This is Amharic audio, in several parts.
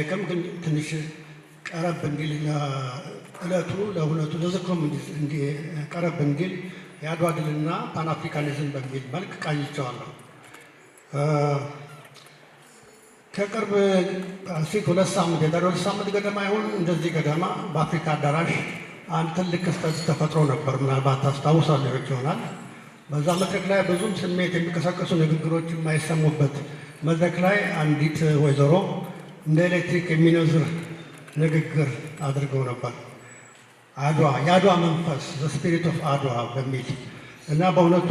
አይርቅም፣ ግን ትንሽ ቀረብ እንዲል ለዕለቱ ለእውነቱ ለዝክሩም ቀረብ እንዲል የአድዋ ድልና ፓን አፍሪካኒዝም በሚል መልክ ቃኝቸዋለሁ። ከቅርብ ሴት ሁለት ሳምንት የዛሬ ሁለት ሳምንት ገደማ ይሆን እንደዚህ ገደማ በአፍሪካ አዳራሽ አንድ ትልቅ ክስተት ተፈጥሮ ነበር። ምናልባት ታስታውሳላችሁ ይሆናል። በዛ መድረክ ላይ ብዙም ስሜት የሚቀሰቀሱ ንግግሮች የማይሰሙበት መድረክ ላይ አንዲት ወይዘሮ እንደ ኤሌክትሪክ የሚነዝር ንግግር አድርገው ነበር። አድዋ የአድዋ መንፈስ ስፒሪት ኦፍ አድዋ በሚል እና በእውነቱ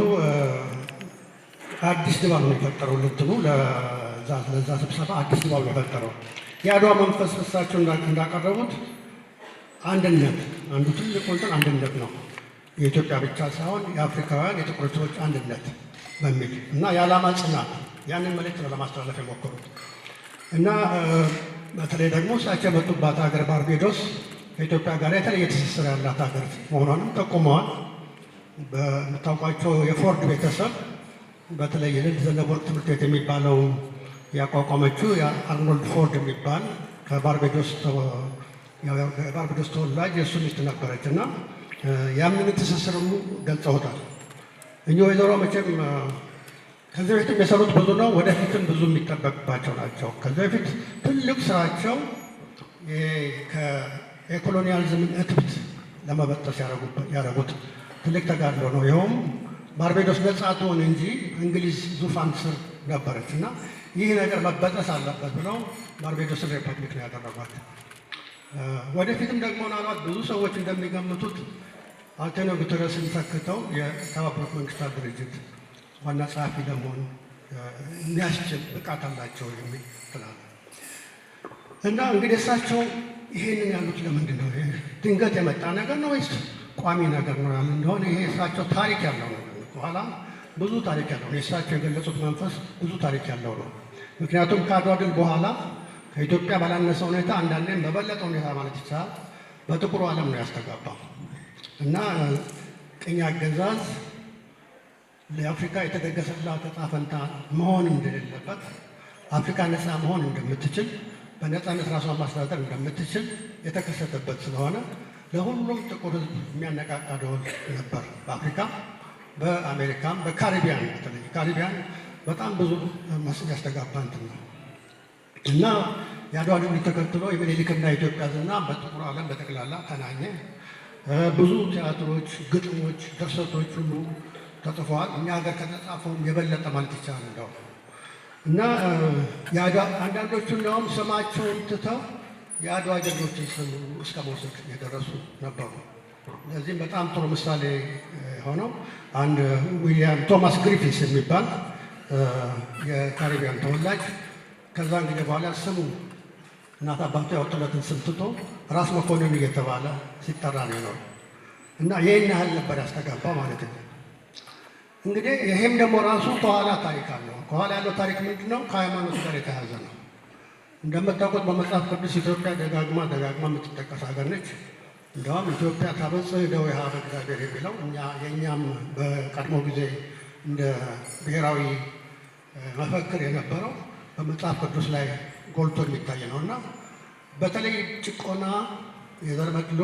አዲስ ድባብ ነው የፈጠረው። ልትሉ ለዛ ስብሰባ አዲስ ድባብ ነው የፈጠረው። የአድዋ መንፈስ እሳቸው እንዳቀረቡት አንድነት አንዱ ትልቁ እንትን አንድነት ነው። የኢትዮጵያ ብቻ ሳይሆን የአፍሪካውያን የጥቁር ሰዎች አንድነት በሚል እና የዓላማ ጽናት ያንን መልእክት ነው ለማስተላለፍ የሞከሩት። እና በተለይ ደግሞ እሳቸው የመጡባት ሀገር ባርቤዶስ ከኢትዮጵያ ጋር የተለየ ትስስር ያላት ሀገር መሆኗንም ጠቁመዋል። በምታውቋቸው የፎርድ ቤተሰብ በተለይ ልል ዘለወርቅ ትምህርት ቤት የሚባለው ያቋቋመችው የአርኖልድ ፎርድ የሚባል ከባርቤዶስ ተወላጅ የእሱ ሚስት ነበረች እና ያምን ትስስር ገልጸውታል። እኚህ ወይዘሮ መቼም ከዚህ በፊት የሰሩት ብዙ ነው። ወደፊትም ብዙ የሚጠበቅባቸው ናቸው። ከዚህ በፊት ትልቅ ስራቸው የኮሎኒያሊዝምን እትብት ለመበጠስ ያደረጉት ትልቅ ተጋድሎ ነው። ይኸውም ባርቤዶስ ነጻ ትሆን እንጂ እንግሊዝ ዙፋን ስር ነበረች እና ይህ ነገር መበጠስ አለበት ብለው ባርቤዶስን ሪፐብሊክ ነው ያደረጓት። ወደፊትም ደግሞ ምናልባት ብዙ ሰዎች እንደሚገምቱት አንቶኒዮ ጉተረስን ተክተው የተባበሩት መንግስታት ድርጅት ዋና ጸሐፊ ለመሆን የሚያስችል ብቃት አላቸው የሚል ትላለ እና እንግዲህ እሳቸው ይሄንን ያሉት ለምንድን ነው? ድንገት የመጣ ነገር ነው ወይስ ቋሚ ነገር ነው? ያምን እንደሆነ ይሄ እሳቸው ታሪክ ያለው ነው። በኋላ ብዙ ታሪክ ያለው ነው። የእሳቸው የገለጹት መንፈስ ብዙ ታሪክ ያለው ነው። ምክንያቱም ከአድዋ ድል በኋላ ከኢትዮጵያ ባላነሰ ሁኔታ አንዳንዴም በበለጠ ሁኔታ ማለት ይቻላል በጥቁሩ ዓለም ነው ያስተጋባው እና ቅኝ አገዛዝ ለአፍሪካ የተደገሰላት ዕጣ ፈንታ መሆን እንደሌለበት አፍሪካ ነፃ መሆን እንደምትችል በነፃነት ራሷን ማስተዳደር እንደምትችል የተከሰተበት ስለሆነ ለሁሉም ጥቁር ሕዝብ የሚያነቃቃ ደወል ነበር። በአፍሪካ በአሜሪካም፣ በካሪቢያን በተለይ ካሪቢያን በጣም ብዙ ያስተጋባ እንትን ነው እና የአድዋ ድል ተከትሎ የምኒልክና የኢትዮጵያ ዝና በጥቁር ዓለም በጠቅላላ ተናኘ። ብዙ ቲያትሮች፣ ግጥሞች፣ ድርሰቶች ሁሉ ተጽፏል። እኛ ሀገር ከተጻፈውም የበለጠ ማለት ይቻላል እንደው እና አንዳንዶቹ እንዲያውም ስማቸውን ትተው የአድዋ ጀግኖች ስም እስከ መውሰድ የደረሱ ነበሩ። ለዚህም በጣም ጥሩ ምሳሌ ሆነው አንድ ዊሊያም ቶማስ ግሪፊስ የሚባል የካሪቢያን ተወላጅ ከዛ እንግዲህ በኋላ ስሙ እናት አባቱ ያወጡለትን ስም ትቶ ራስ መኮንን እየተባለ ሲጠራ ነው የኖረው እና ይህን ያህል ነበር ያስተጋባ ማለት ነው። እንግዲህ ይሄም ደግሞ ራሱ ከኋላ ታሪክ አለው። ከኋላ ያለው ታሪክ ምንድን ነው? ከሃይማኖት ጋር የተያዘ ነው። እንደምታውቁት በመጽሐፍ ቅዱስ ኢትዮጵያ ደጋግማ ደጋግማ የምትጠቀስ ሀገር ነች። እንዲያውም ኢትዮጵያ ደዌ እደዊሃ እግዚአብሔር የሚለው የእኛም በቀድሞ ጊዜ እንደ ብሔራዊ መፈክር የነበረው በመጽሐፍ ቅዱስ ላይ ጎልቶ የሚታይ ነው እና በተለይ ጭቆና፣ የዘር መድሎ፣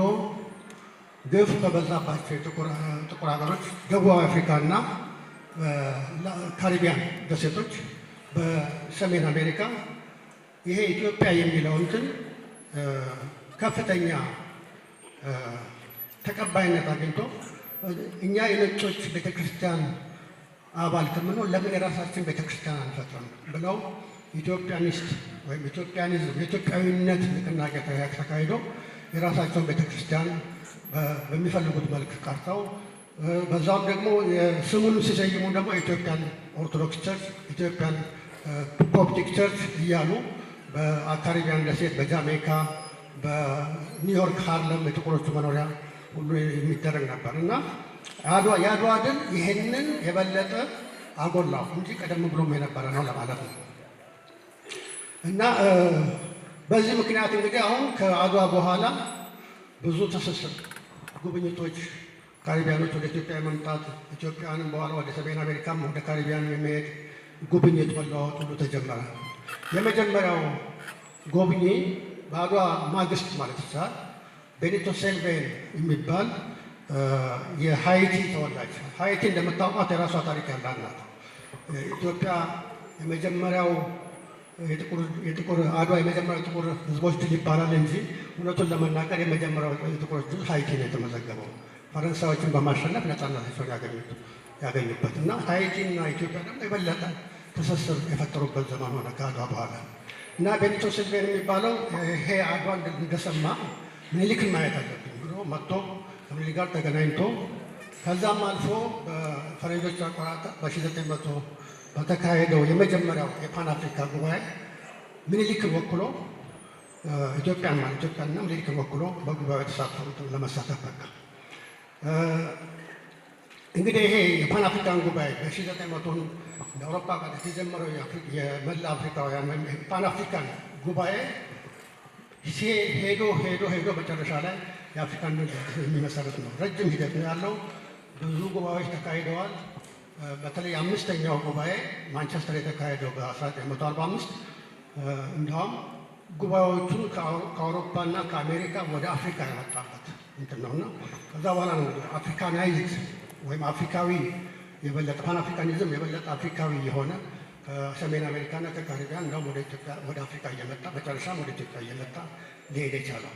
ግፍ በበዛባቸው ጥቁር ሀገሮች ደቡብ አፍሪካ እና ካሪቢያን ደሴቶች፣ በሰሜን አሜሪካ ይሄ ኢትዮጵያ የሚለው እንትን ከፍተኛ ተቀባይነት አግኝቶ እኛ የነጮች ቤተክርስቲያን አባል ከምንሆን ለምን የራሳችን ቤተክርስቲያን አንፈጥርም ብለው ኢትዮጵያኒስት ወይም ኢትዮጵያኒዝም የኢትዮጵያዊነት ንቅናቄ ተካሂዶ የራሳቸውን ቤተክርስቲያን በሚፈልጉት መልክ ቀርተው በዛም ደግሞ ስሙን ሲሰይሙ ደግሞ ኢትዮጵያን ኦርቶዶክስ ቸርች፣ ኢትዮጵያን ኮፕቲክ ቸርች እያሉ በካሪቢያን ደሴት፣ በጃሜይካ፣ በኒውዮርክ ሃርለም የጥቁሮቹ መኖሪያ ሁሉ የሚደረግ ነበር እና የአድዋ ድል ይህንን የበለጠ አጎላው እንጂ ቀደም ብሎም የነበረ ነው ለማለት ነው እና በዚህ ምክንያት እንግዲህ አሁን ከአድዋ በኋላ ብዙ ትስስር ጉብኝቶች ካሪቢያኖች ወደ ኢትዮጵያ መምጣት ኢትዮጵያንም በኋላ ወደ ሰሜን አሜሪካም ወደ ካሪቢያን የመሄድ ጉብኝት መለዋወጥ ሁሉ ተጀመረ። የመጀመሪያው ጎብኚ በአድዋ ማግስት ማለት ይቻላል ቤኒቶ ሴልቬን የሚባል የሀይቲ ተወላጅ ሀይቲ እንደምታውቋት የራሷ ታሪክ ያላት ናት። ኢትዮጵያ የመጀመሪያው የጥቁር አድዋ የመጀመሪያው ጥቁር ህዝቦች ይባላል እንጂ እውነቱን ለመናገር የመጀመሪያው የጥቁሮች ሀይቲ ነው የተመዘገበው። ፈረንሳዮችን በማሸነፍ ነፃነታቸውን ያገኙበት እና ሀይቲና ኢትዮጵያ ደግሞ የበለጠ ትስስር የፈጠሩበት ዘመን ሆነ ከአድዋ በኋላ እና ቤኒቶ ሲልቬን የሚባለው ይሄ አድዋ እንደሰማ ምኒልክን ማየት አለብኝ ብሎ መጥቶ ከምኒልክ ጋር ተገናኝቶ ከዛም አልፎ በፈረንጆች አቆጣጠር በ1900 በተካሄደው የመጀመሪያው የፓን አፍሪካ ጉባኤ ምኒልክን ወክሎ ኢትዮጵያ ማለት ኢትዮጵያና ምኒልክን ወክሎ በጉባኤ የተሳተፉትን ለመሳተፍ በቃ እንግዲህ ይሄ የፓን አፍሪካን ጉባኤ በ1900 ለአውሮፓ ጋር የተጀመረው የመላ አፍሪካውያን ወይም ፓን አፍሪካን ጉባኤ ሄዶ ሄዶ ሄዶ መጨረሻ ላይ የአፍሪካን የሚመሰረት ነው። ረጅም ሂደት ነው ያለው። ብዙ ጉባኤዎች ተካሂደዋል። በተለይ አምስተኛው ጉባኤ ማንቸስተር የተካሄደው በ1945 እንዲሁም ጉባኤዎቹን ከአውሮፓና ከአሜሪካ ወደ አፍሪካ ያመጣበት እንትን ነውና ከዛ በኋላ ነው አፍሪካናይዝድ ወይም አፍሪካዊ የበለጠ ፓን አፍሪካኒዝም የበለጠ አፍሪካዊ የሆነ ከሰሜን አሜሪካና ከካሪቢያን እንደውም ወደ አፍሪካ እየመጣ መጨረሻም ወደ ኢትዮጵያ እየመጣ ሊሄድ የቻለው